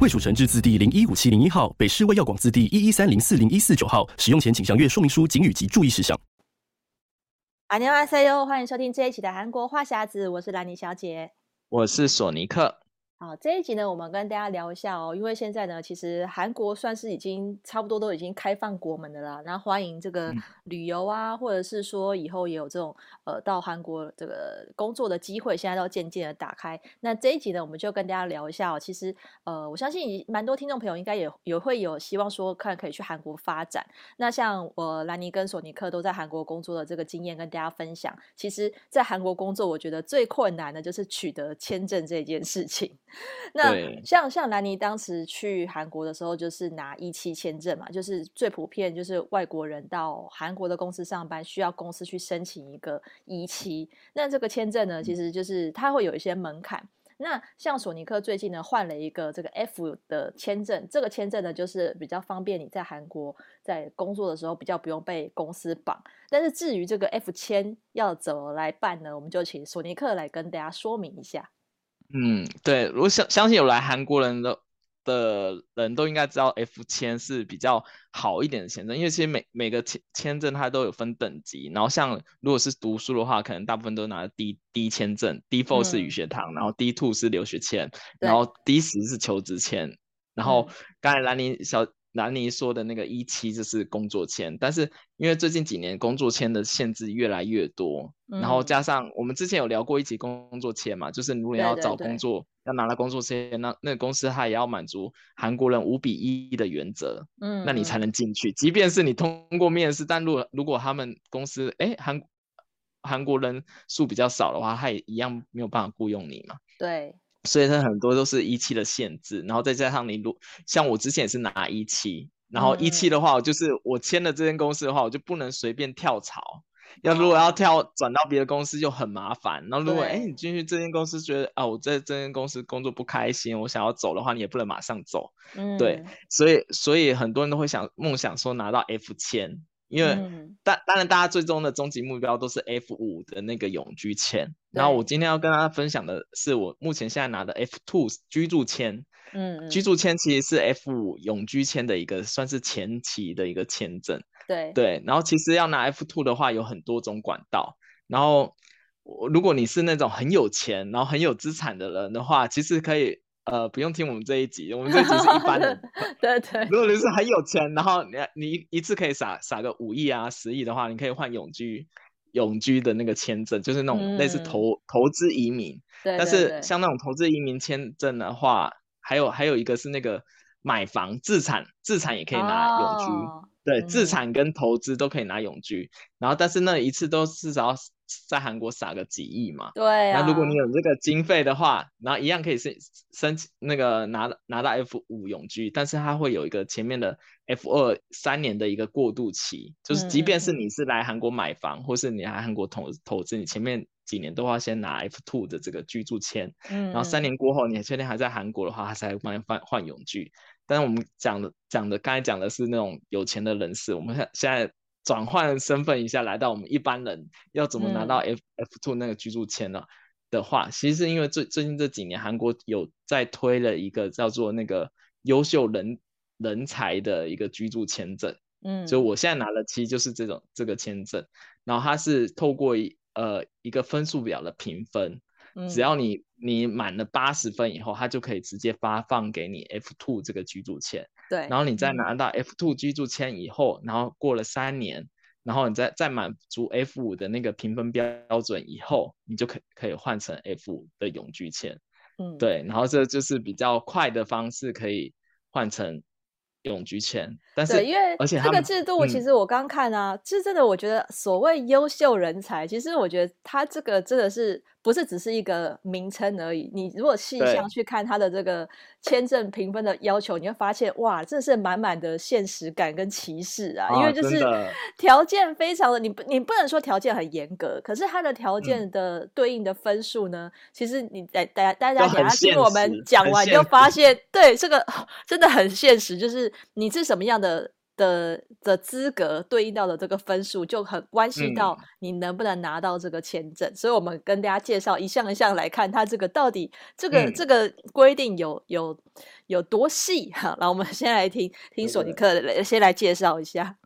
衛署成製字第零一五七零一號，北市衛藥廣字第一一三零四零一四九號。使用前請詳閱說明書、警語及注意事項。안녕하세요，歡迎收聽這一期的韓國話匣子，我是蘭妮小姐，我是索尼客。好、啊，這一集呢，我們跟大家聊一下哦。因為現在呢，其實韓國算是已經差不多都已經開放國門的啦，那歡迎這個旅遊啊，嗯、或者是說以後也有這種呃到韓國這個工作的機會，現在都漸漸的打開。那這一集呢，我們就跟大家聊一下哦。其實，呃，我相信蠻多聽眾朋友應該也也會有希望說，看可以去韓國發展。那像我蘭尼跟索尼客都在韓國工作的這個經驗跟大家分享。其實，在韓國工作，我覺得最困難的就是取得簽證這件事情。那像對像蘭尼當時去韓國的時候，就是拿 E7 簽證嘛，就是最普遍，就是外國人到韓國的公司上班需要公司去申請一個 E7。那這個簽證呢，其實就是它會有一些門檻。嗯、那像索尼克最近呢，換了一個這個 F 的簽證，這個簽證呢，就是比較方便你在韓國在工作的時候比較不用被公司綁。但是至於這個 F 簽要怎麼來辦呢？我們就請索尼克來跟大家說明一下。嗯，對，如果相相信有來韓國人的的人都應該知道 F 簽是比較好一點的簽證，因為其實每每個簽簽證它都有分等級，然後像如果是讀書的話，可能大部分都拿 D D 簽證，D four 是語學堂，嗯、然後 D two 是留學簽，嗯、然後 D 十是求職簽，然後剛才蘭寧小。南尼說的那個一期就是工作簽，但是因為最近幾年工作簽的限制越來越多，嗯、然後加上我們之前有聊過一期工作簽嘛，就是如果你要找工作，對對對，要拿到工作簽，那那個公司他也要滿足韓國人五比一的原則，嗯嗯，那你才能進去。即便是你通過面試，但如果如果他們公司哎，韓韓國人數比較少的話，他也一樣沒有辦法僱用你嘛。對。所以它很多都是 E7 的限制，然後再加上你如像我之前也是拿 E7，然後 E7 的話，我、嗯、就是我簽了這間公司的話，我就不能隨便跳槽，要如果要跳轉、嗯、到別的公司就很麻煩。那如果哎對、欸、你進去這間公司覺得啊我在這間公司工作不開心，我想要走的話，你也不能馬上走。嗯，對，所以所以很多人都會想夢想說拿到 F 簽。因為當、嗯、當然，大家最終的終極目標都是 F 五的那個永居簽。對然後我今天要跟大家分享的是，我目前現在拿的 F two 居住簽。嗯，嗯，居住簽其實是 F 五永居簽的一個算是前期的一個簽證。對對，然後其實要拿 F two 的話，有很多種管道。然後如果你是那種很有錢，然後很有資產的人的話，其實可以。呃，不用聽我們這一集，我們這一集是一般的。 對對，對。如果你是很有錢，然後你你一次可以撒撒個五億啊、十億的話，你可以換永居，永居的那個簽證，就是那種類似投、嗯、投資移民。對，對。但是像那種投資移民簽證的話，還有還有一個是那個買房自產自產也可以拿永居。哦、對，自、嗯、產跟投資都可以拿永居，然後但是那一次都至少要在韓國撒個幾億嘛，對啊、那、如果你有這個經費的話，然後一樣可以是申請那個拿拿到 F 五永居，但是它會有一個前面的 F 二三年的一個過渡期，就是即便是你是來韓國買房，嗯、或是你來韓國投投資，你前面幾年都要先拿 F two 的這個居住簽，嗯、然後三年過後你確定還在韓國的話還是，他才換換換永居。但是我們講的講的剛才講的是那種有錢的人士，我們現現在。轉換身份一下，來到我們一般人要怎麼拿到 F F two 那個居住簽呢、啊？的話，嗯、其實是因為最最近這幾年，韓國有在推了一個叫做那個優秀人人才的一個居住簽證，嗯，所以我現在拿的，其實就是這種這個簽證，然後它是透過一呃一個分數表的評分，只要你你滿了八十分以後，它就可以直接發放給你 F two 這個居住簽。對，然後你再拿到 F two 居住簽以後，嗯、然後過了三年，然後你再再滿足 F 五的那個評分標準以後，你就可可以換成 F 五的永居簽。嗯，對，然後這就是比較快的方式可以換成永居簽。但是，對，因為而且這個制度其實我剛看啊，其實、嗯、真的我覺得所謂優秀人才，其實我覺得他這個真的是。不是只是一個名稱而已。你如果細想去看它的這個簽證評分的要求，對。你會發現，哇，這是滿滿的現實感跟歧視啊！啊因為就是條件非常的，的你不，你不能說條件很嚴格，可是它的條件的對應的分數呢，嗯，其實你大家大家等一下聽我們講完，你就發現，現對，這個真的很現實，就是你是什麼樣的。的的資格對應到的這個分數就很關係到你能不能拿到這個簽證，嗯、所以我們跟大家介紹一項一項來看，它這個到底這個、嗯、這個規定有有有多細哈。那我們先來聽聽索尼客先來介紹一下、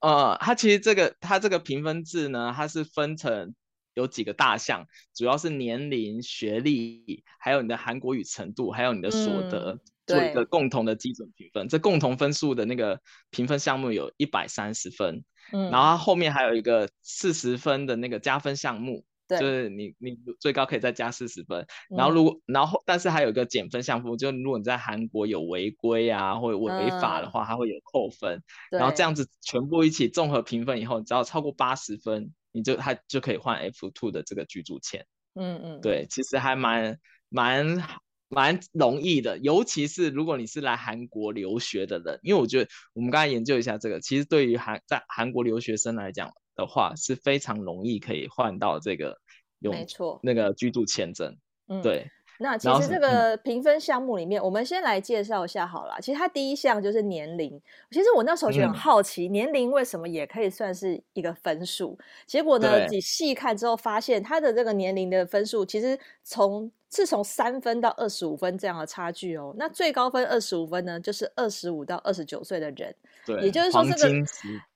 嗯。呃，他其實這個他這個評分制呢，它是分成有幾個大項，主要是年齡、學歷，還有你的韓國語程度，還有你的所得。嗯對做一個共同的基準評分，這共同分數的那個評分項目有一百三十分，嗯，然後它後面還有一個四十分的那個加分項目，對，就是你你最高可以再加四十分，然後如果、嗯、然後但是還有一個減分項目，就如果你在韓國有違規啊或者違法的話，嗯、它會有扣分，對然後這樣子全部一起綜合評分以後，只要超過八十分，你就它就可以換 F two 的這個居住簽，嗯嗯，對，其實還蠻蠻好。蠻容易的，尤其是如果你是來韓國留學的人，因為我覺得我們剛才研究一下這個，其實對於韓在韓國留學生來講的話，是非常容易可以換到這個用，沒錯，那個居住簽證，嗯、對。那其實這個評分項目裡面，我們先來介紹一下好了啦。嗯、其實它第一項就是年齡。其實我那時候就很好奇，年齡為什麼也可以算是一個分數？嗯、結果呢，你對細看之後發現，它的這個年齡的分數其實從是從三分到二十五分這樣的差距哦。那最高分二十五分呢，就是二十五到二十九歲的人。對，也就是說這個。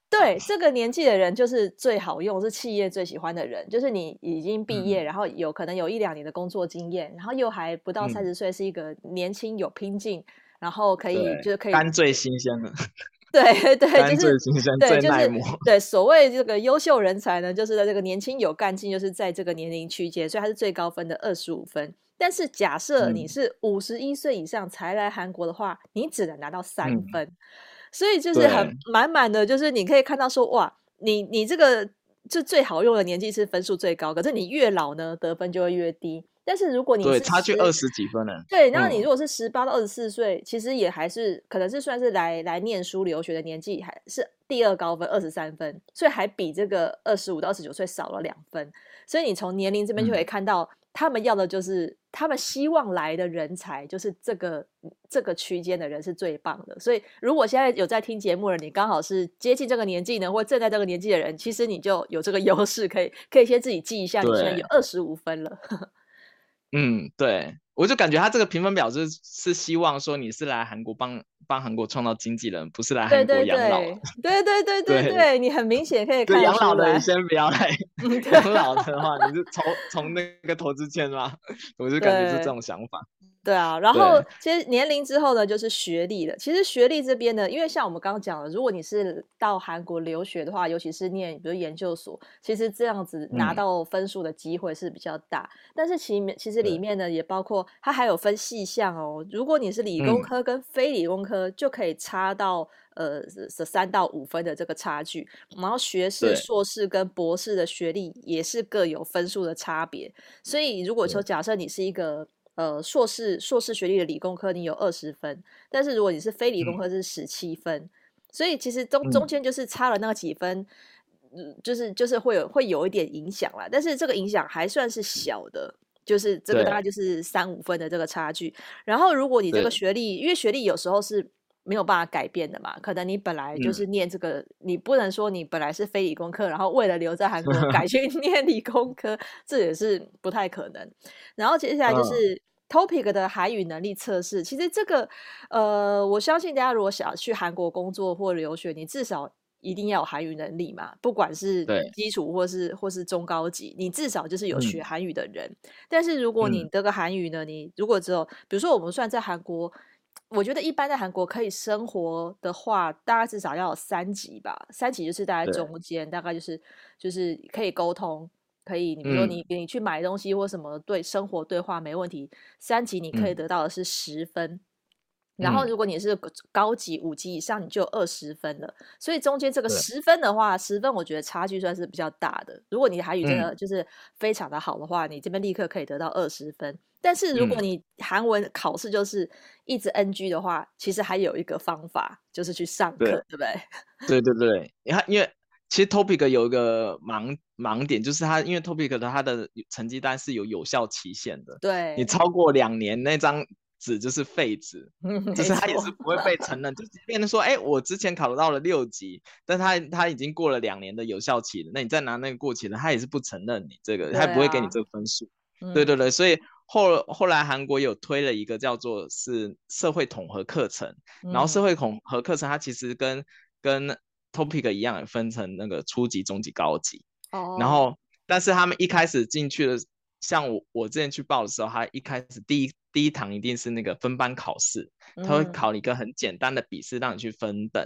對，這個年紀的人就是最好用，是企業最喜歡的人，就是你已經畢業，嗯、然後有可能有一兩年的工作經驗，嗯、然後又還不到三十歲，是一個年輕有拼勁，嗯、然後可以對就是可以。幹最新鮮的。對對，幹最新鮮，就是、最耐磨。對、就是、對，所謂這個優秀人才呢，就是在這個年輕有幹勁，就是在這個年齡區間，所以他是最高分的二十五分。但是假設你是五十一歲以上才來韓國的話，嗯、你只能拿到三分。嗯所以就是很滿滿對的，就是你可以看到說，哇，你你這個就最好用的年紀是分數最高，可是你越老呢，得分就會越低。但是如果你對是 10, 差距二十幾分了，對，然後你如果是十八到二十四歲，嗯、其實也還是可能是算是來來念書留學的年紀，還是第二高分二十三分，所以還比這個二十五到二十九歲少了兩分。所以你從年齡這邊就可以看到。嗯他們要的就是他們希望來的人才，就是這個這個區間的人是最棒的。所以，如果現在有在聽節目的，你剛好是接近這個年紀呢，或正在這個年紀的人，其實你就有這個優勢，可以可以先自己記一下，你現在有二十五分了。對 嗯，對。我就感覺他這個評分表就是，是希望說你是來韓國幫幫韓國創造經濟的，不是來韓國養老。對對對，對對對對，對你很明顯可以看到養老的人先不要來，嗯、養老的話，你是從 從那個投資圈嗎？我就感覺是這種想法。對啊，然後其實年齡之後呢，就是學歷了。對其實學歷這邊呢，因為像我們剛剛講的，如果你是到韓國留學的話，尤其是念比如研究所，其實這樣子拿到分數的機會是比較大。嗯、但是其其實裡面呢，也包括、嗯、它還有分細項哦。如果你是理工科跟非理工科，就可以差到、嗯、呃十三到五分的這個差距。然後學士、碩士跟博士的學歷也是各有分數的差別。對所以如果說假設你是一個。呃，碩士碩士學歷的理工科你有二十分，但是如果你是非理工科是十七分，嗯、所以其實中中間就是差了那個幾分，嗯嗯、就是就是會有會有一點影響啦，但是這個影響還算是小的，嗯、就是這個大概就是三五分的這個差距。啊、然後如果你這個學歷，對因為學歷有時候是。沒有辦法改變的嘛。可能你本來就是念這個，嗯、你不能說你本來是非理工科，然後為了留在韓國改去念理工科， 這也是不太可能。然後接下來就是 TOPIK 的韓語能力測試。哦、其實這個，呃，我相信大家如果想去韓國工作或留學，你至少一定要有韓語能力嘛，不管是基礎或是對或是中高級，你至少就是有學韓語的人。嗯、但是如果你得個韓語呢，你如果只有，比如說我們算在韓國。我覺得一般在韓國可以生活的話，大概至少要有三級吧。三級就是待在中間，對大概就是就是可以溝通，可以你比如說你、嗯、你去買東西或什麼，對生活對話沒問題。三級你可以得到的是十分，嗯、然後如果你是高級五、嗯、級以上，你就二十分了。所以中間這個十分的話，對十分我覺得差距算是比較大的。如果你的韓語真的就是非常的好的話，嗯、你這邊立刻可以得到二十分。但是如果你韓文考試就是一直 NG 的話，嗯、其實還有一個方法就是去上課，對，對不對？對對對，你看，因為其實 Topic 有一個盲盲點，就是它因為 Topic 的它的成績單是有有效期限的，對，你超過兩年那張紙就是廢紙，就、嗯、是它也是不會被承認。錯就變成說，哎，我之前考到了六級，但他他已經過了兩年的有效期了，那你再拿那個過期的，他也是不承認你這個，他、啊、也不會給你這個分數。嗯、對對對，所以。後後來，韓國有推了一個叫做是社會統合課程，嗯、然後社會統合課程它其實跟跟 TOPIK 一樣，分成那個初級、中級、高級。哦。然後，但是他們一開始進去的，像我我之前去報的時候，他一開始第一第一堂一定是那個分班考試，他、嗯、會考一個很簡單的筆試，讓你去分等。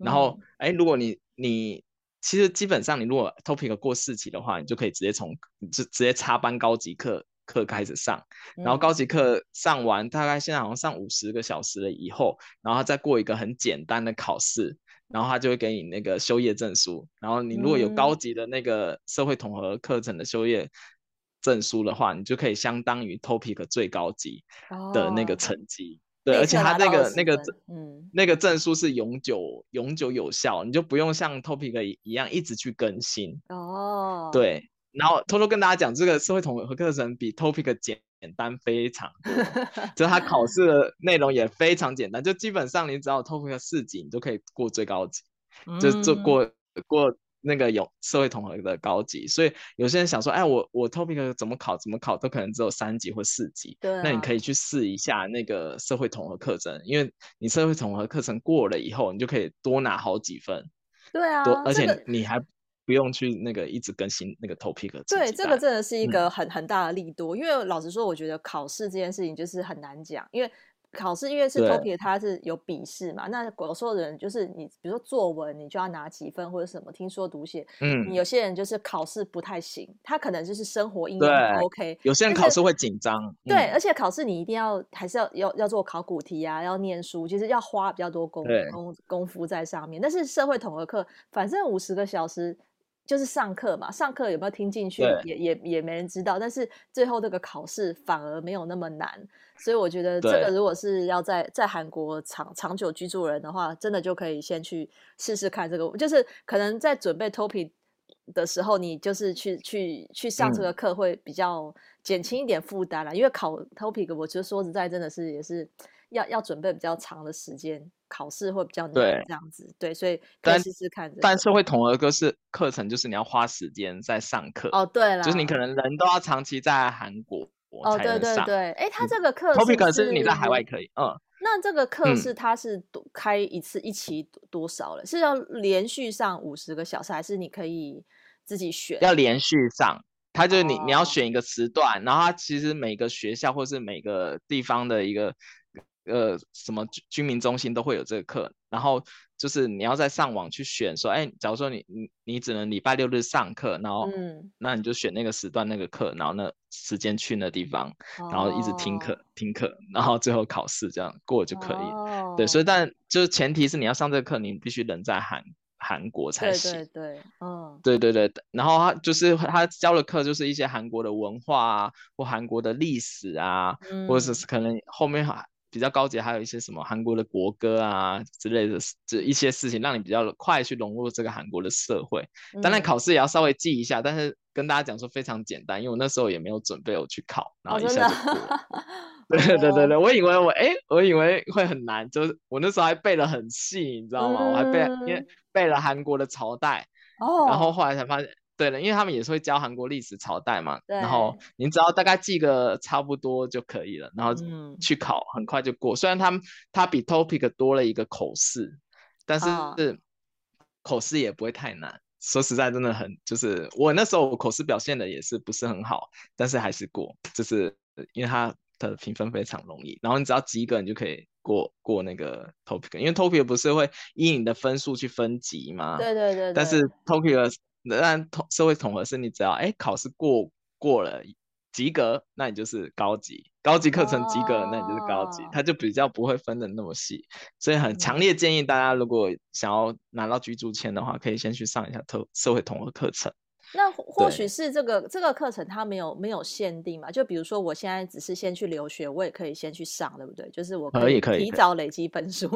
嗯、然後，哎，如果你你其實基本上你如果 TOPIK 過四級的話，你就可以直接從直直接插班高級課。課開始上，然後高級課上完，嗯、大概現在好像上五十個小時了以後，然後他再過一個很簡單的考試，然後他就會給你那個修業證書。然後你如果有高級的那個社會統合課程的修業證書的話，嗯、你就可以相當於 Topik 最高級的那個成績。對，而且他那個那個、嗯、那個證書是永久永久有效，你就不用像 Topik 一樣一直去更新。哦，對。然後偷偷跟大家講，這個社會統合課程比 TOPIK 簡單非常多， 就是它考試的內容也非常簡單，就基本上你只要有 TOPIK 四級你都可以過最高級，嗯、就就過過那個有社會統合的高級。所以有些人想說，哎，我我 TOPIK 怎麼考怎麼考都可能只有三級或四級，對啊、那你可以去試一下那個社會統合課程，因為你社會統合課程過了以後，你就可以多拿好幾分。對啊，多、而且你還、那個。不用去那個一直更新那個 topic。對，這個真的是一個很很大的利多，嗯、因為老實說，我覺得考試這件事情就是很難講，因為考試因為是 topic，它是有筆試嘛。對那有時候人就是你，比如說作文，你就要拿幾分或者什麼聽說讀寫。嗯，有些人就是考試不太行，他可能就是生活應該 OK。有些人考試會緊張，是嗯、對，而且考試你一定要還是要要要做考古題啊，要念書，其、就、實、是、要花比較多功功功夫在上面。但是社會統合課，反正五十個小時。就是上課嘛，上課有沒有聽進去，對也也也沒人知道。但是最後那個考試反而沒有那麼難，所以我覺得這個如果是要在在韓國長長久居住的人的話，真的就可以先去試試看這個。就是可能在準備 TOPIK 的時候，你就是去去去上這個課會比較減輕一點負擔啦。嗯、因為考 TOPIK，我覺得說實在，真的是也是，要要準備比較長的時間，考試會比較難，這樣子，對，對，所以可以試試看，這個。但社會統合的個是課程，就是你要花時間在上課。哦、oh,，對了，就是你可能人都要長期在韓國哦，oh, 對，對對對。哎、欸，他這個課，topic 可是你在海外可以，嗯。那這個課是他是開一次一期多少了？嗯、是要連續上五十個小時，還是你可以自己選？要連續上，他就是你、oh. 你要選一個時段，然後他其實每個學校或是每個地方的一個。呃，什麼居民中心都會有這個課，然後就是你要在上網去選，說，哎，假如說你你你只能禮拜六日上課，然後嗯，那你就選那個時段那個課，然後那時間去那地方，嗯、然後一直聽課、哦、聽課，然後最後考試這樣過就可以。哦、對，所以但就是前提是你要上這個課，你必須人在韓韓國才行。對對對，嗯、對對對，然後他就是他教的課就是一些韓國的文化啊，或韓國的歷史啊，嗯、或者是可能後面、啊比較高級，還有一些什麼韓國的國歌啊之類的，這一些事情，讓你比較快去融入這個韓國的社會。當然考試也要稍微記一下，嗯、但是跟大家講說非常簡單，因為我那時候也沒有準備我去考，然後一下就過了。哦、 對，對對對對，我以為我哎、欸，我以為會很難，就是我那時候還背的很細，你知道嗎？嗯、我還背，因為背了韓國的朝代，哦、然後後來才發現。對了，因為他們也是會教韓國歷史朝代嘛，對然後你只要大概記個差不多就可以了，然後去考很快就過。嗯、雖然他們他比 TOPIK 多了一個口試，但是口試也不會太難。哦、說實在，真的很就是我那時候我口試表現的也是不是很好，但是還是過，就是因為他的評分非常容易。然後你只要及格，你就可以過過那個 TOPIK。因為 TOPIK 不是會以你的分數去分級嘛，對，對對對。但是 TOPIK。那統社會統合是你只要哎考試過過了及格，那你就是高級高級課程及格，那你就是高級，他、oh. 就，就比較不會分得那麼細，所以很強烈建議大家如果想要拿到居住簽的話，可以先去上一下特社會統合課程。那或許是這個對這個課程它沒有沒有限定嘛，就比如說我現在只是先去留學，我也可以先去上，對不對？就是我可以可以提早累積分數，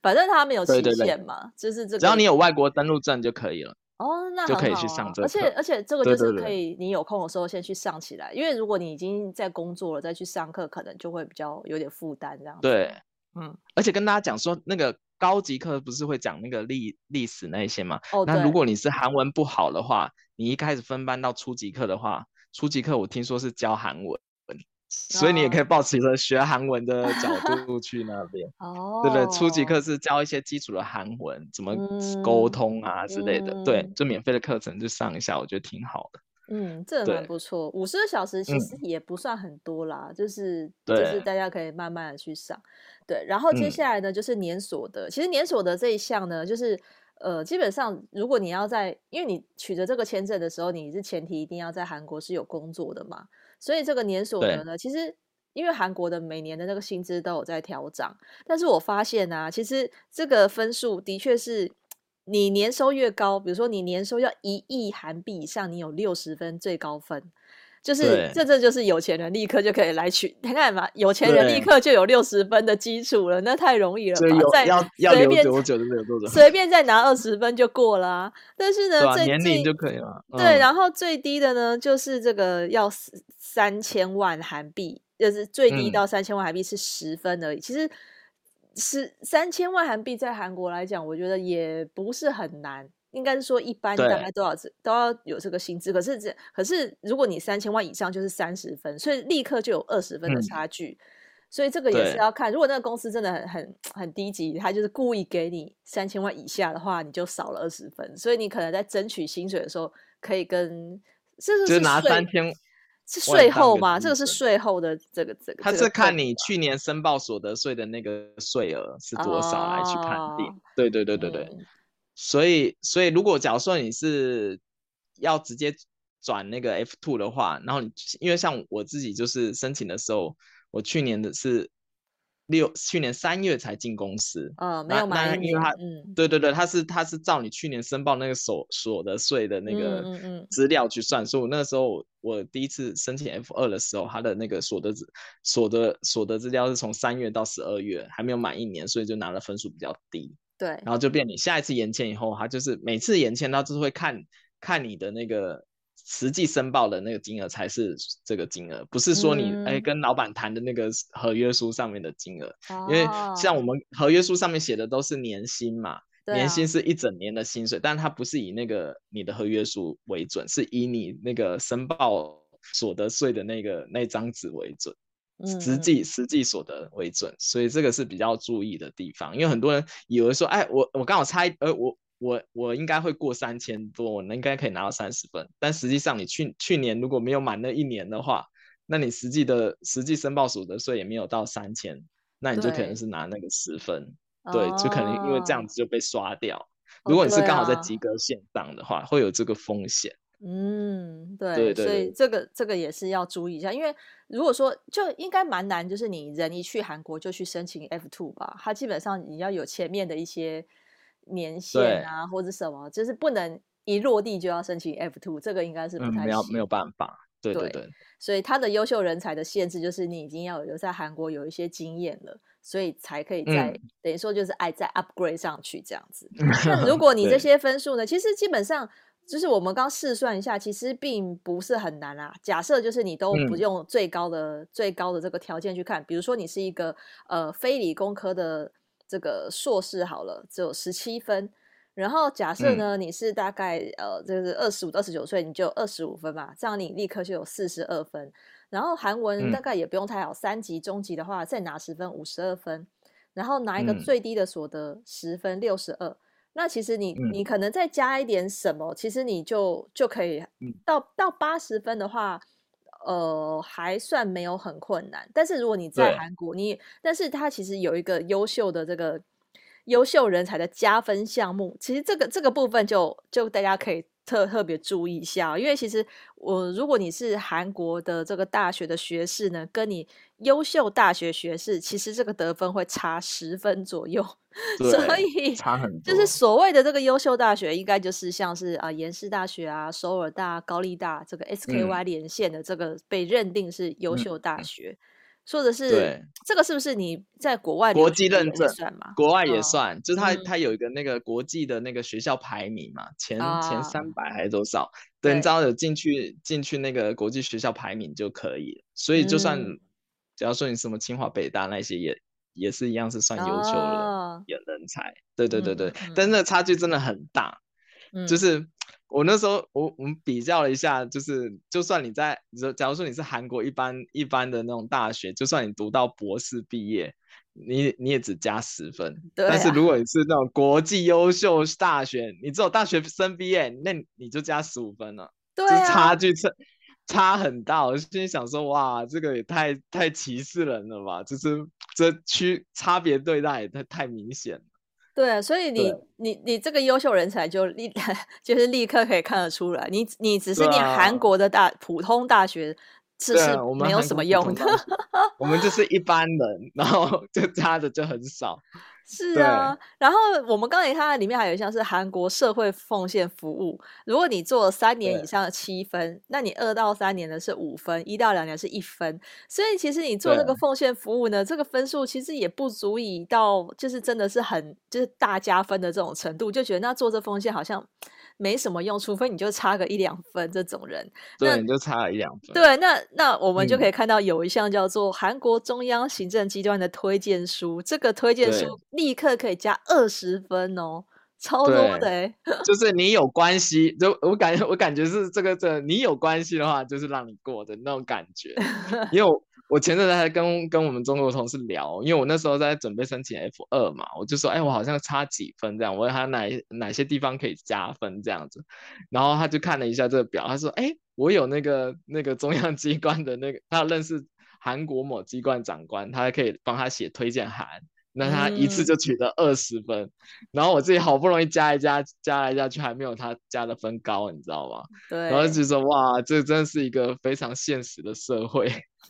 反正它沒有期限嘛，對對對，就是這個只要你有外國登錄證就可以了。哦，那很好啊。而且，而且這個就是可以，你有空的時候先去上起來。對對對。因為如果你已經在工作了，再去上課，可能就會比較有點負擔這樣子。對，嗯。而且跟大家講說，那個高級課不是會講那個歷歷史那一些嘛？哦。那如果你是韓文不好的話，對你一開始分班到初級課的話，初級課我聽說是教韓文。所以你也可以抱持着學韓文的角度去那邊哦，oh. oh. 對不對？初級課是教一些基礎的韓文，怎麼溝通啊之類的，嗯、對，就免費的課程就上一下，我覺得挺好的。嗯，這蠻不錯，五十個小時其實也不算很多啦，嗯、就是就是大家可以慢慢的去上，對。然後接下來呢、嗯、就是年所得。其實年所得這一項呢就是。呃，基本上如果你要在，因為你取得這個簽證的時候，你是前提一定要在韓國是有工作的嘛，所以這個年所得呢，對其實因為韓國的每年的那個薪資都有在調整，但是我發現啊，其實這個分數的確是你年收越高，比如說你年收要一億韓幣以上，你有六十分最高分。就是對這，這就是有錢人立刻就可以來取，你看嘛，有錢人立刻就有六十分的基礎了，對那太容易了吧，要再隨便九多少，隨便再拿二十分就過了、啊。但是呢，最、啊、這年齡就可以了。最嗯、對，然後最低的呢，就是這個要三千萬韓幣，就是最低到三千萬韓幣是十分而已。嗯、其實是三千萬韓幣在韓國來講，我覺得也不是很難。應該是說，一般大概多少都要對都要有這個薪資。可是這可是，如果你三千萬以上就是三十分，所以立刻就有二十分的差距。嗯、所以這個也是要看，對如果那個公司真的很很很低級，他就是故意給你三千萬以下的話，你就少了二十分。所以你可能在爭取薪水的時候，可以跟、這個、就是稅就拿三千萬是稅後嗎？這個是稅後的這個這個，他是看你去年申報所得稅的那個稅額是多少來、哦、去判定。對對對對對、嗯。所以，所以如果假如說你是要直接轉那個 F two 的話，然後你，因為像我自己就是申請的時候，我去年的是六，去年三月才進公司，啊、哦，哪沒有滿一年，因為他，嗯、對對對，他是他是照你去年申報那個所所得稅的那個資料去算，嗯嗯嗯、所以我那時候我第一次申請 F 二的時候，他的那個所得所得所得，所得資料是從三月到十二月，還沒有滿一年，所以就拿了分數比較低。對，然後就變你下一次延簽以後，他就是每次延簽，他就是會看看你的那個實際申報的那個金額才是這個金額，不是說你、嗯、哎跟老闆談的那個合約書上面的金額，哦、因為像我們合約書上面寫的都是年薪嘛，啊、年薪是一整年的薪水，但它不是以那個你的合約書為準，是以你那個申報所得稅的那個那張紙為準。實際實際所得為準，所以這個是比較注意的地方。因為很多人以為說，哎，我我剛好差，呃，我我我應該會過三千多，我應該可以拿到三十分。但實際上，你去去年如果沒有滿那一年的話，那你實際的實際申報所得稅也沒有到三千，那你就可能是拿那個十分，對。對，就可能因為這樣子就被刷掉。Oh, 如果你是剛好在及格線上的話，對啊，會有這個風險。嗯，對，對對對，所以這個這個也是要注意一下，因為如果說就應該蠻難，就是你人一去韓國就去申請 F two 吧，它基本上你要有前面的一些年限啊，對或者什麼，就是不能一落地就要申請 F two，這個應該是不太行，嗯，沒有沒有辦法，對對對，對，所以它的優秀人才的限制就是你已經要有在韓國有一些經驗了，所以才可以在，嗯，等於說就是愛在 upgrade 上去這樣子。那 如果你這些分數呢，對其實基本上。就是我們剛試算一下，其實並不是很難啊。假設就是你都不用最高的、嗯、最高的這個條件去看，比如說你是一個呃非理工科的這個碩士好了，只有十七分。然後假設呢、嗯、你是大概呃就是二十五到二十九歲，你就二十五分嘛，這樣你立刻就有四十二分。然後韓文大概也不用太好，嗯、三級中級的話再拿十分，五十二分。然後拿一個最低的所得、嗯、十分，六十二。那其實你、嗯、你可能再加一點什麼，其實你就就可以到、嗯、到八十分的話，呃，還算沒有很困難。但是如果你在韓國，對你但是他其實有一個優秀的這個優秀人才的加分項目，其實這個這個部分就就大家可以特特別注意一下，因為其實我如果你是韓國的這個大學的學士呢，跟你。優秀大學學士，其實這個得分會差十分左右，所以差很多。就是所謂的這個優秀大學，應該就是像是啊延世大學啊、首爾大、高麗大這個 SKY 連線的這個被認定是優秀大學，說的是這個是不是你在國外國際認證國外也算，就是它它有一個那個國際的那個學校排名嘛，前前三百還是多少？等知道有進去進去那個國際學校排名就可以了，所以就算。假如說你是什麼清華、北大那些也，也也是一樣是算優秀了，有、oh. 人才。對對對對，嗯、但是那差距真的很大。嗯、就是我那時候，我我們比較了一下，就是就算你在，假如說你是韓國一般一般的那種大學，就算你讀到博士畢業，你你也只加十分。對、啊、但是如果你是那種國際優秀大學，你只有大學生畢業，那你，你就加十五分了。對、啊。就差距是。 差很大，我心裡想說，哇，這個也太太歧視人了吧？就是這區差別對待也太太明顯了。對啊，所以你對你你這個優秀人才就立，就是立刻可以看得出來。你你只是念韓國的大、啊、普通大學，其實沒有什麼用的，啊我。我們就是一般人， 然後就差的就很少。是啊，對然後我們剛才看到，裡面還有一項是韓國社會奉獻服務。如果你做了三年以上的七分，對那你二到三年的是五分，一到兩年是一分。所以其實你做這個奉獻服務呢，對這個分數其實也不足以到，就是真的是很，就是大加分的這種程度，就覺得那做這奉獻好像。沒什麼用，除非你就差個一兩分這種人，對，那你就差了一兩分。對，那那我們就可以看到有一項叫做韓國中央行政機關的推薦書，嗯、這個推薦書立刻可以加二十分哦，對超多的哎，就是你有關係，就我感覺我感覺是這個這個，你有關係的話，就是讓你過的那種感覺，也有。我前陣子還跟跟我們中國同事聊，因為我那時候在準備申請 F 二嘛，我就說，哎、欸，我好像差幾分這樣，我問他哪哪些地方可以加分這樣子，然後他就看了一下這個表，他說，哎、欸，我有那個那個中央機關的那個，他認識韓國某機關長官，他還可以幫他寫推薦函。那他一次就取得二十分，嗯、然後我自己好不容易加一加，加來加去還沒有他加的分高，你知道嗎？對，然後就說哇，這真是一個非常現實的社會。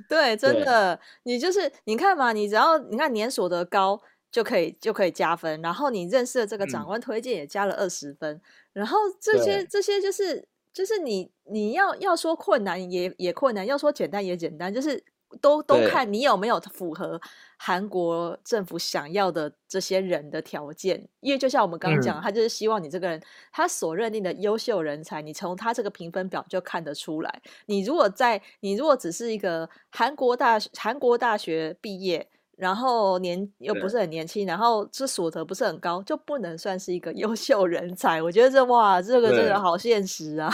對，真的，對你就是你看嘛，你只要你看年所得高就可以就可以加分，然後你認識的這個長官推薦也加了二十分，嗯、然後這些對這些就是就是你你要要說困難也也困難，要說簡單也簡單，就是。都都看你有沒有符合韓國政府想要的這些人的條件，對因為就像我們剛剛講，嗯、他就是希望你這個人，他所認定的優秀人才，你從他這個評分表就看得出來。你如果在，你如果只是一個韓國大韓國大學畢業，然後年又不是很年輕，對然後這所得不是很高，就不能算是一個優秀人才。我覺得這哇，這個真的好現實啊！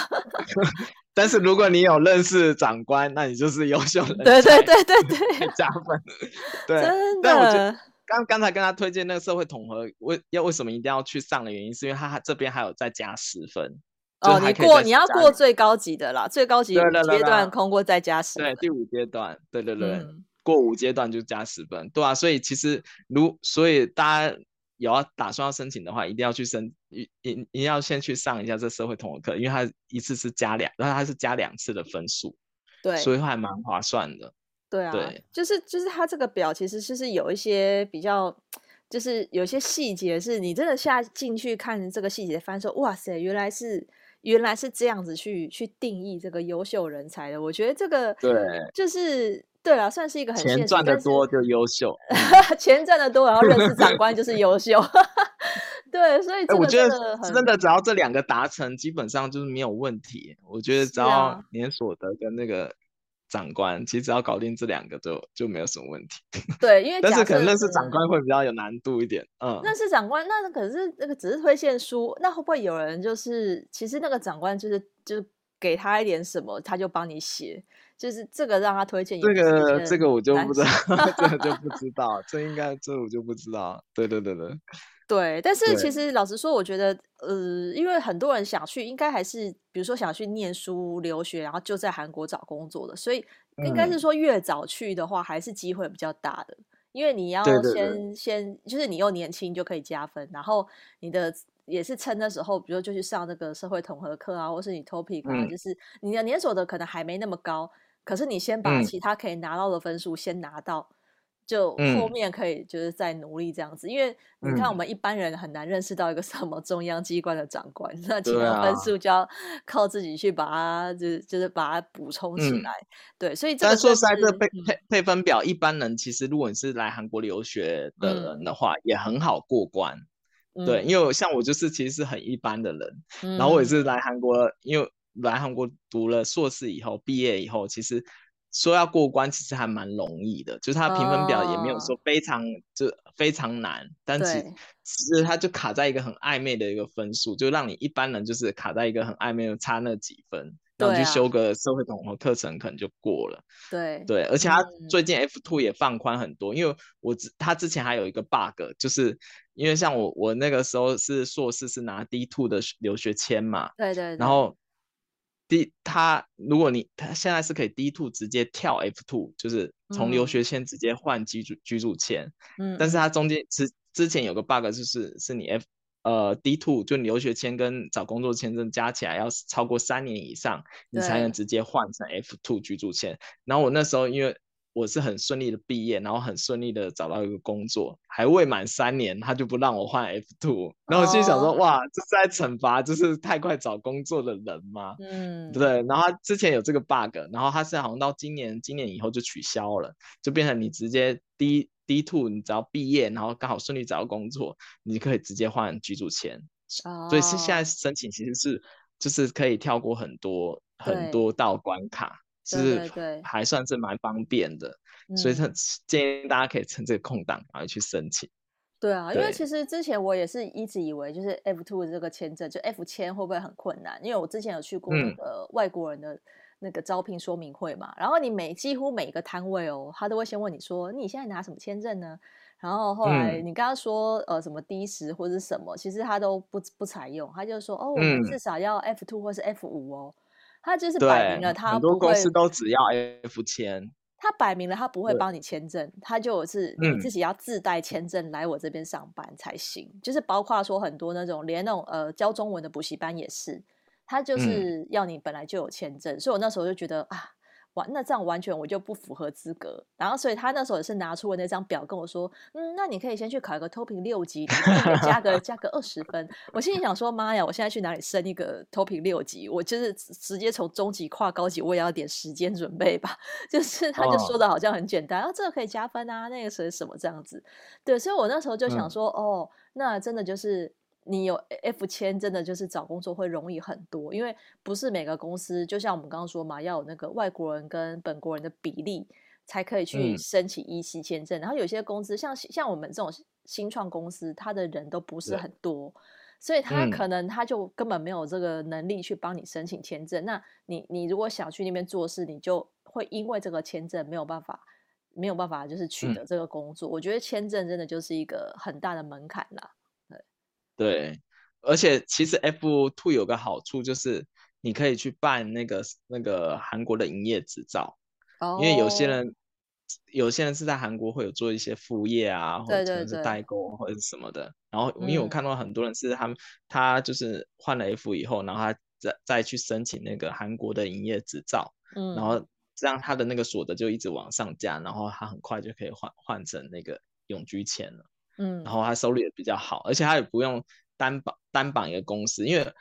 對 但是如果你有認識長官，那你就是優秀人才，對對對對對，加分。 對，真的。但我覺得剛剛才跟他推薦那個社會統合，為要為什麼一定要去上的原因，是因為他這邊還有再加十分。哦，你過你要過最高級的啦，最高級階段通過再加十分，對了對了。對，第五階段，對了對對，嗯、過五階段就加十分，對啊，所以其實如所以大家。有要打算要申請的話，一定要去申，你你要先去上一下這社會統合課，因為它一次是加兩，然後它是加兩次的分數，對，所以還蠻划算的。對啊，對，就是就是它這個表其實就是有一些比較，就是有一些細節是你真的下進去看這個細節翻，發現說哇塞，原來是原來是這樣子去去定義這個優秀人才的。我覺得這個對，嗯，就是。對啊，算是一個很現實，錢賺的多就優秀，錢賺的多然後認識長官就是優秀。 對，所以這個我覺得真的只要這兩個達成，基本上就是沒有問題。我覺得只要年所得跟那個長官，啊、其實只要搞定這兩個就，就就沒有什麼問題。對，因為 但是可能認識長官會比較有難度一點。嗯，認識長官那可是那個只是推薦書，那會不會有人就是其實那個長官就是就給他一點什麼，他就幫你寫？就是這個讓他推薦一，一、這個這個我就不知道， 這個就不知道，這應該這個、我就不知道，對對對對，對，但是其實老實說，我覺得，呃，因為很多人想去，應該還是比如說想去念書留學，然後就在韓國找工作的，所以應該是說越早去的話，還是機會比較大的，嗯、因為你要先對對對先就是你又年輕就可以加分，然後你的也是撐的時候，比如說就去上那個社會統合課啊，或是你 topic、啊嗯、就是你的年所得可能還沒那麼高。可是你先把其他可以拿到的分數先拿到，嗯、就後面可以就是再努力這樣子。嗯、因為你看，我們一般人很難認識到一個什麼中央機關的長官，嗯、那其他分數就要靠自己去把它、啊，就是就是把它補充起來。嗯、對，所以這個是但是說實在，這個配配分表，一般人其實如果你是來韓國留學的人的話，嗯、也很好過關。嗯、對，因為像我就是其實是很一般的人，嗯、然後我也是來韓國，因為。來韓國讀了碩士以後，畢業以後，其實說要過關，其實還蠻容易的，就是他評分表也沒有說非常、哦、就非常難，但其實對其實他就卡在一個很曖昧的一個分數，就讓你一般人就是卡在一個很曖昧，差那幾分，然後去修個社會統合課程，可能就過了。對、啊、對，對，而且他最近 F two 也放寬很多，嗯、因為我之他之前還有一個 bug，就是因為像我我那個時候是碩士，是拿 D two 的留學簽嘛，對，對對，然後。D，他如果你他現在是可以 D two 直接跳 F two，就是從留學簽直接換居住、嗯、居住簽。嗯，但是它中間之之前有個 bug，就是是你 F 呃 D two 就你留學簽跟找工作簽證加起來要超過三年以上，你才能直接換成 F two 居住簽。對 然後我那時候因為。我是很順利的畢業，然後很順利的找到一個工作，還未滿三年，他就不讓我換 F two，然後我就想說，哦、哇，這是在懲罰，就是太快找工作的人嗎？嗯，對。然後他之前有這個 bug，然後他現在好像到今年，今年以後就取消了，就變成你直接 D D two，你只要畢業，然後剛好順利找到工作，你就可以直接換居住簽。哦、所以是現在申請其實是就是可以跳過很多很多道關卡。是，對，還算是蠻方便的，對對對。所以建議大家可以趁這個空檔，然後去申請。對啊，對，因為其實之前我也是一直以為就是 F two 這個簽證，就 F 簽會不會很困難？因為我之前有去過那個外國人的那個招聘說明會嘛，嗯、然後你每幾乎每個攤位哦，他都會先問你說，你現在拿什麼簽證呢？然後後來你剛剛說、嗯、呃什麼 D10 或者什麼，其實他都不不採用，他就說哦，我們至少要 F two 或是 F 五哦。嗯他就是擺明了，他如果公司都只要 F 簽，他擺明了他不會幫你簽證，他就是你自己要自帶簽證來我這邊上班才行，就是包括說很多那種連那種呃教中文的補習班也是，他就是要你本來就有簽證，所以我那時候就覺得啊。完，那這樣完全我就不符合資格。然後，所以他那時候也是拿出了那張表跟我說：“嗯，那你可以先去考一個 TOPIK 六級，你加個加個二十分。” 我心裡想說：“媽呀，我現在去哪裡升一個 TOPIK 六級？我就是直接從中級跨高級，我也要點時間準備吧。”就是他就說的好像很簡單，然後、哦哦、這個可以加分啊，那個是什麼這樣子？對，所以我那時候就想說：“嗯、哦，那真的就是。”你有 F 簽，真的就是找工作會容易很多，因為不是每個公司，就像我們剛剛說嘛，要有那個外國人跟本國人的比例，才可以去申請 E7 簽證。嗯、然後有些公司像像我們這種新創公司，他的人都不是很多，對所以他可能他就根本沒有這個能力去幫你申請簽證。嗯、那你你如果想去那邊做事，你就會因為這個簽證沒有辦法，沒有辦法就是取得這個工作。嗯、我覺得簽證真的就是一個很大的門檻啦。對，而且其實 F two 有個好處就是，你可以去辦那個那個韓國的營業執照，oh. 因為有些人有些人是在韓國會有做一些副業啊，或者代購或者是什麼的。對對對，然後因為我看到很多人是他們、嗯、他就是換了 F 以後，然後他再再去申請那個韓國的營業執照，嗯，然後這樣他的那個所得就一直往上加，然後他很快就可以換換成那個永居簽了。嗯，然後他收入也比較好，而且他也不用擔保擔保一個公司，因為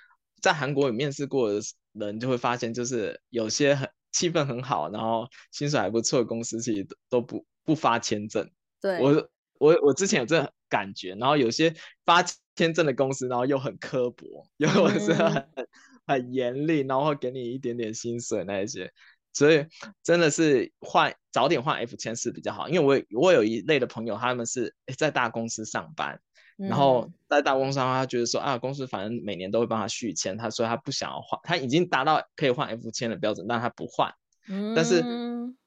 在韓國有面試過的人就會發現，就是有些很氣氛很好，然後薪水還不錯的公司，其實都不不發簽證。對，我我我之前有這個感覺，然後有些發簽證的公司，然後又很刻薄，又是很、嗯、很嚴厲，然後會給你一點點薪水那一些。所以真的是換，早點換 F 簽是比較好，因為我我有一類的朋友，他們是在大公司上班，嗯、然後在大公司的話，他覺得說啊，公司反正每年都會幫他續簽，他說他不想要換，他已經達到可以換 F 簽的標準，但他不換。嗯、但是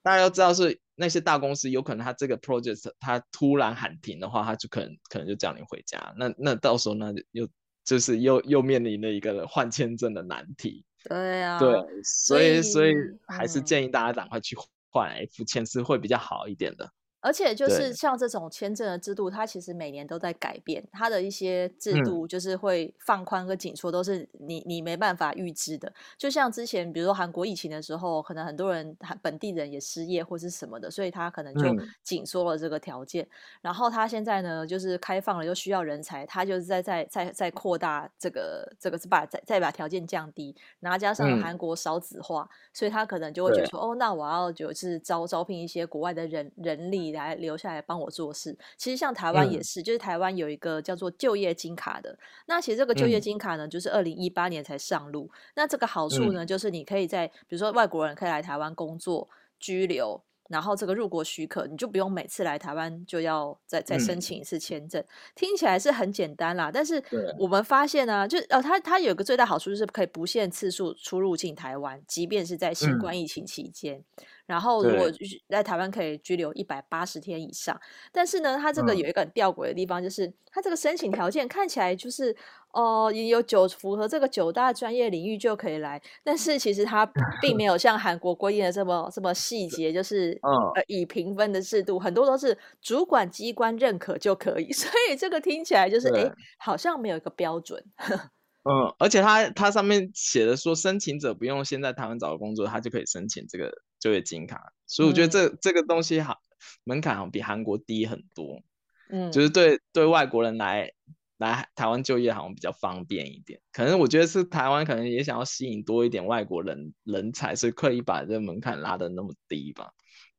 大家都知道是那些大公司，有可能他這個 project 他突然喊停的話，他就可能可能就叫你回家，那那到時候呢，又就是又又面臨了一個換簽證的難題。對呀、啊，對，所以所以、嗯、還是建議大家趕快，快去換 F 簽證，會比較好一點的。而且就是像這種簽證的制度，對它其實每年都在改變，它的一些制度就是會放寬跟緊縮，嗯、都是你你沒辦法預知的。就像之前，比如說韓國疫情的時候，可能很多人本地人也失業或是什麼的，所以他可能就緊縮了這個條件。嗯、然後他現在呢，就是開放了，又需要人才，他就是在在在在擴大這個這個是把再再把條件降低，然後加上韓國少子化，嗯、所以他可能就會覺得說，對哦，那我要就是招招聘一些國外的人人力。來留下來幫我做事。其實像台灣也是，嗯、就是台灣有一個叫做就業金卡的。那其實這個就業金卡呢，嗯、就是二零一八年才上路。那這個好處呢，嗯、就是你可以在比如說外國人可以來台灣工作、居留，然後這個入國許可，你就不用每次來台灣就要再再申請一次簽證。嗯、聽起來是很簡單啦，但是我們發現呢、啊，就哦、呃，它它有一個最大好處就是可以不限次數出入境台灣，即便是在新冠疫情期間。嗯然後，如果在台灣可以居留一百八十天以上。對但是呢，它這個有一個很弔詭的地方，就是它、嗯、這個申請條件看起來就是哦、呃，有九符合這個九大專業領域就可以來。但是其實它並沒有像韓國規定的這麼 這麼細節，就是、嗯、以評分的制度，很多都是主管機關認可就可以。所以這個聽起來就是哎對，好像沒有一個標準。 嗯，而且它它上面寫的說，申請者不用先在台灣找個工作，他就可以申請這個。就業金卡，所以我覺得這、嗯、這個東西哈，門檻好像比韓國低很多，嗯，就是對對外國人來來台灣就業好像比較方便一點，可能我覺得是台灣可能也想要吸引多一點外國人人才，所以刻意把這門檻拉得那麼低吧。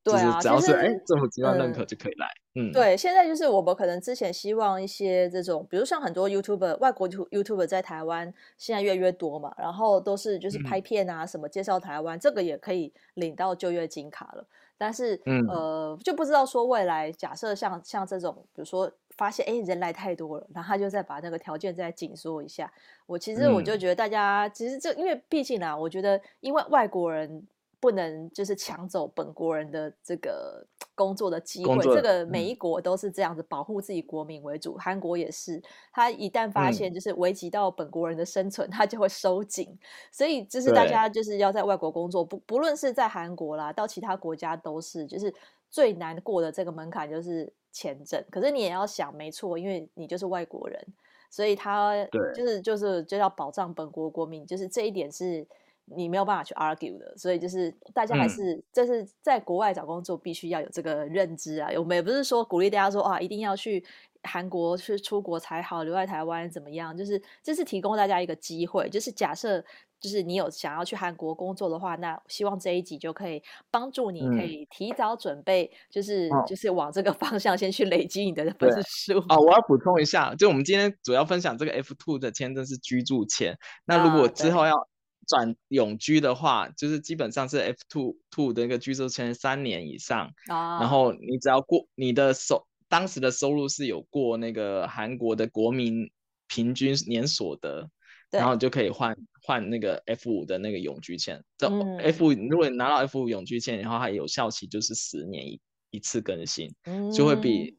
對啊，只要是哎政府只要認可就可以來。嗯，嗯對，現在就是我們可能之前希望一些這種，比如像很多 YouTuber 外國 YouTuber 在台灣現在越來越多嘛，然後都是就是拍片啊，什麼、嗯、介紹台灣，這個也可以領到就業金卡了。但是，嗯呃，就不知道說未來假設像像這種，比如說發現哎、欸、人來太多了，然後他就再把那個條件再緊縮一下。我其實我就覺得大家、嗯、其實這因為畢竟啊，我覺得因為外國人。不能就是搶走本國人的這個工作的機會，這個每一國都是這樣子，保護自己國民為主。嗯、韓國也是，他一旦發現就是危及到本國人的生存，嗯、他就會收緊。所以，就是大家就是要在外國工作，對不不論是在韓國啦，到其他國家都是，就是最難過的這個門檻就是簽證。可是你也要想，沒錯，因為你就是外國人，所以他就是對就是、就是、就要保障本國國民，就是這一點是。你沒有辦法去 argue 的，所以就是大家還是、嗯、這是在國外找工作必須要有這個認知啊。我們也不是說鼓勵大家說啊，一定要去韓國去出國才好，留在台灣怎麼樣？就是這是提供大家一個機會，就是假設就是你有想要去韓國工作的話，那希望這一集就可以幫助你，可以提早準備，就是、嗯、就是往這個方向先去累積你的分數啊。我要補充一下，就我們今天主要分享這個 F two 的簽證是居住簽，嗯、那如果之後要、啊。轉永居的話，就是基本上是 F two two 的那個居住簽三年以上，啊、然後你只要過你的收當時的收入是有過那個韓國的國民平均年所得，對然後就可以換換那個 F 五的那個永居簽。這、嗯、F 五如果你拿到 F 五永居簽，然後它有效期就是十年一一次更新，就會比、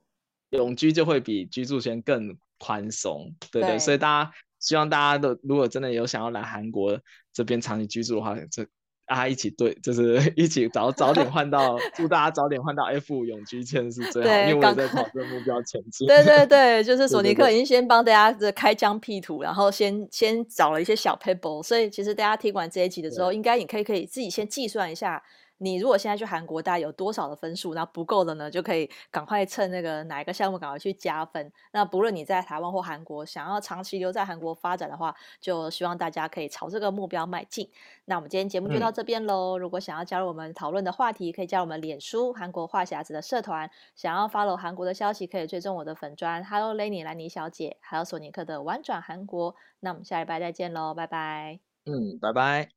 嗯、永居就會比居住簽更寬鬆，對對，所以大家。希望大家都如果真的有想要來韓國這邊長期居住的話，這大家一起對，就是一起早早點換到， 祝大家早點換到 F 五永居簽是這樣，因為我們在朝着目標前進。對對對，就是索尼克已經先幫大家的開疆闢土，對對對，然後先先找了一些小撇步所以其實大家聽完這一集的時候，對應該也可以可以自己先計算一下。你如果現在去韓國，大概有多少的分數？那不夠的呢，就可以趕快趁那個哪一個項目趕快去加分。那不論你在台灣或韓國，想要長期留在韓國發展的話，就希望大家可以朝這個目標邁進。那我們今天節目就到這邊嘍。嗯、如果想要加入我們討論的話題，可以加入我們臉書“韓國話匣子”的社團；想要 follow 韓國的消息，可以追蹤我的粉專 “Hello Lady 蘭妮小姐”，還有索尼客的“玩轉韓國”。那我們下禮拜再見嘍，拜拜。嗯，拜拜。